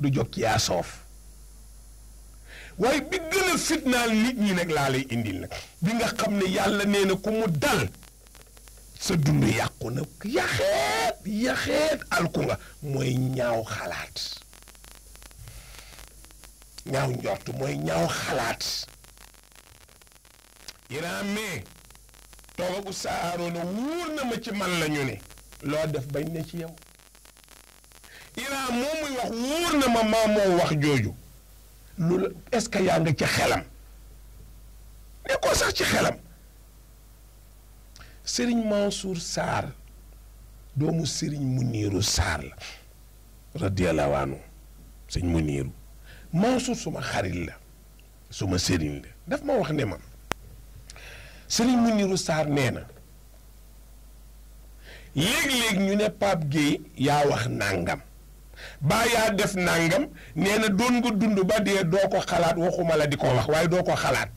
du jóg ci yaa soof waaye bi gën a fitnaal nit ñi nag laa lay indil nag bi nga xam ne yàlla nee na ku mu dal sa dund yàqu na yaxeet yaxeet alku nga mooy ñaaw xalaat ñaaw njort mooy ñaaw xalaat yiraamee toogagu saaroo na wóor na ma ci man la ñu ne loo def bañ na ci yow Iran moom muy wax wóor na ma maa wax jooju lu la est yaa nga ci xelam nekkoo sax ci xelam Serigne Mansour Sarr doomu mu niiru Sarr la radiyallahu anhu sëñ Muniiru Mansour suma xarit la suma Serigne la daf ma wax ne ma Serigne Muniiru Sarr nee na léeg-léeg ñu ne Pape Gueye yaa wax nàngam baa yaa def nangam nee na doon nga dund ba dee doo ko xalaat waxuma la di ko wax waaye doo ko xalaat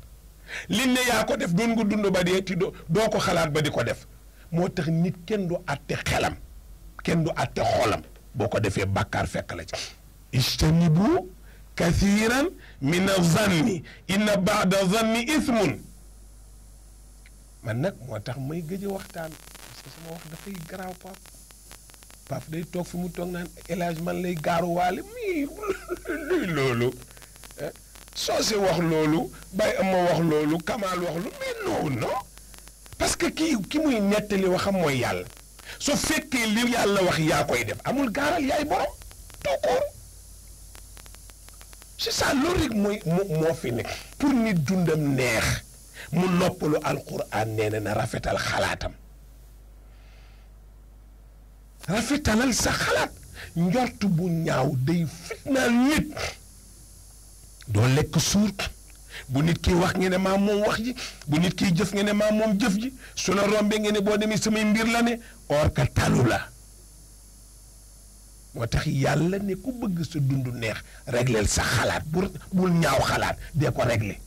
li ne yaa ko def doon nga dund ba dee ci doo ko xalaat ba di ko def moo tax nit kenn du àtte xelam kenn du àtte xolam boo ko defee bàkkaar fekk la ci ijtanibu kathiran min azanni inna baada zanni ismun man nag moo tax may gëj waxtaan parce que sama wax dafay garaaw pap Pape day toog fi mu toog naan élage man lay gaaruwaale mii luy loolu eh, soose wax loolu Baye Amma wax loolu Kamal wax lu mais non non parce que kii ki muy nettali waxam mooy yàlla su fekkee li yàlla wax yaa koy def amul gaaral yaay borom tout court c'est ça loolu rek mooy moo fi nekk pour nit dundam neex mu noppalu alquran nee na na rafetal xalaatam rafetalal sa xalaat njort bu ñaaw day fitnaal nit doo lekk suur bu nit kiy wax nga ne maa moom wax ji bu nit kiy jëf nga ne maam moom jëf ji su la rombee nga ne boo demee samay mbir la ne or ka talu la moo tax yàlla ne ku bëgg sa dund neex régleel sa xalaat bu bul ñaaw xalaat dee ko réglé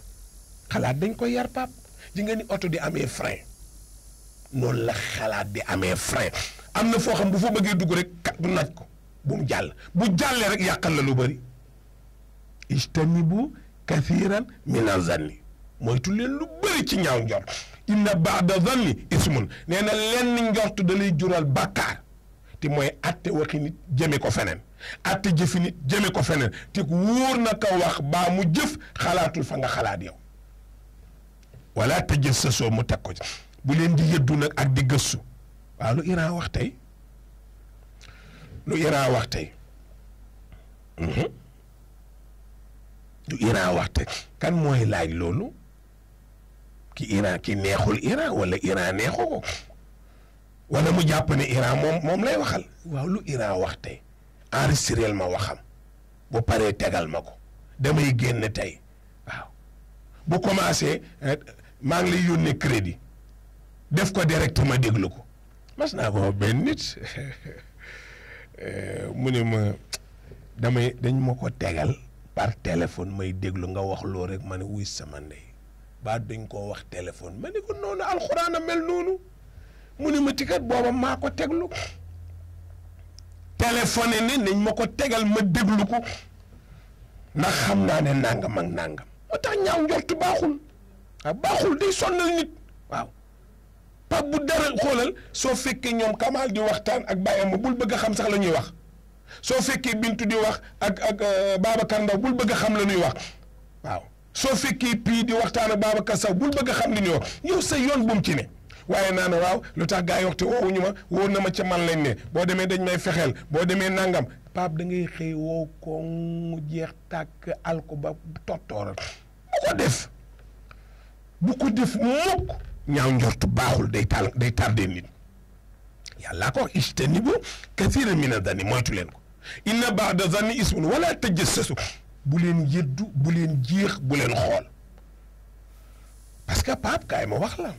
xalaat dañ ko yar pap ji nga ni oto di amee frein noonu la xalaat di amee frein am na foo xam bu fa bëggee dugg rek kat bu naaj ko bu mu jàll bu jàllee rek yàqal la lu bari ijtanibu kathiran mina zanni moytu leen lu bëri ci ñaw njort inna baada zanni ismun nee na lenn njort da jural bàkkaar te mooy atte waxi nit jëme ko feneen atte jëfi nit jëme ko feneen te wóor na ka wax baa mu jëf xalaatul fa nga xalaat yow wala tajëssasoo mu teg ko bu leen di yëddu nag ak di gëstu waaw lu Iran wax tey lu Iran wax tey mhm, lu kan mooy laaj loolu ki Iran ki neexul Iran wala Iran neexu ko walla mu jàpp ne Iran moom moom lay waxal waaw lu Iran wax tey enregistré ma waxam bu paree tegal ma ko damay génn tey waaw bu commencé eh, maa ngi lay yónnee crédit def ko ma déglu ko. mas naa ko benn nit eh, mu ne ma damay dañ ma ko tegal par téléphone may déglu nga wax loo rek ma ne wuy sama ndey ba dañ koo wax téléphone ma ne ko noonu alxuraana a mel noonu mu ne ma tikat booba maa ko teglu téléphoné ne nañ ma ko tegal ma déglu ko ndax xam naa ne nangam ak nangam moo tax ñaaw njortu baaxul waaw ah, baaxul day sonnal nit waaw Pape bu dara xoolal soo fekkee ñoom Kamal di waxtaan ak Baye ma bul bëgg a xam sax la ñuy wax soo fekkee Bintu di wax ak ak euh, Babacar Ndaw bul bëgg a xam la ñuy wax waaw soo fekkee Pii di waxtaan ak Babacar Saw bul bëgg xam li ñuy wax yow sa yoon bu mu ci ne. waaye naa ne waaw lu tax gaa yi waxte woowuñu ma woo na ma ca man lañ ne boo demee dañ may fexeel boo demee nangam Pape da ngay xëy woo ko mu jeex tàkk al ko ba tottooral bu ko def bu ko def mukk ñaaw njort baaxul day taal day tardé nit yàllaa ko ijtanibu kathiran mina zanni moytu leen ko inna ba'da zanni ismun wala tajassasu bu leen yëddu bu leen jéex bu leen xool parce que Pape kaay ma wax la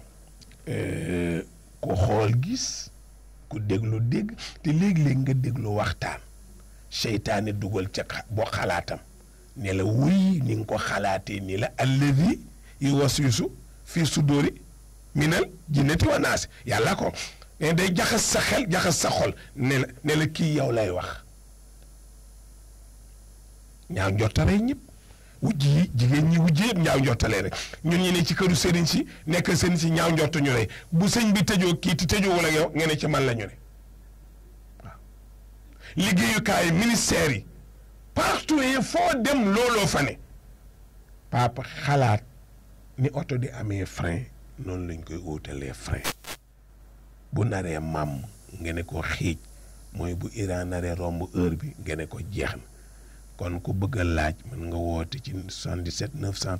euh, ku xool gis ku déglu dégg te léeg-léeg nga déglu waxtaan seytaane dugal ca boo xalaatam ne la wuy ni ko xalaatee ni la allazi yuwaswisu fii sudoori minal jinnati wa naas yàlla ko ne eh, day jaxas sa xel jaxas sa xol ne la ne la kii yow lay wax ñaaw njortalee ñëpp wujj yi jigéen ñi wujj yëpp ñaaw njortalee rek ñun ñi ne ci këru sëriñ si nekk sëriñ si ñaaw njortu ñu bu sëñ bi tëjoo kii ti tëjoo wala yow nga ne ci man la ñu ne waaw liggéeyukaay ministère yi partout yi foo dem looloo fa ne papa xalaat ni oto di amee frein. noonu lañ koy wutalee frein bu naree màmm nga ne ko xiij mooy bu Iran naree romb heure bi nga ne ko jeex na kon ku bëgg a laaj mën nga woote ci 77 900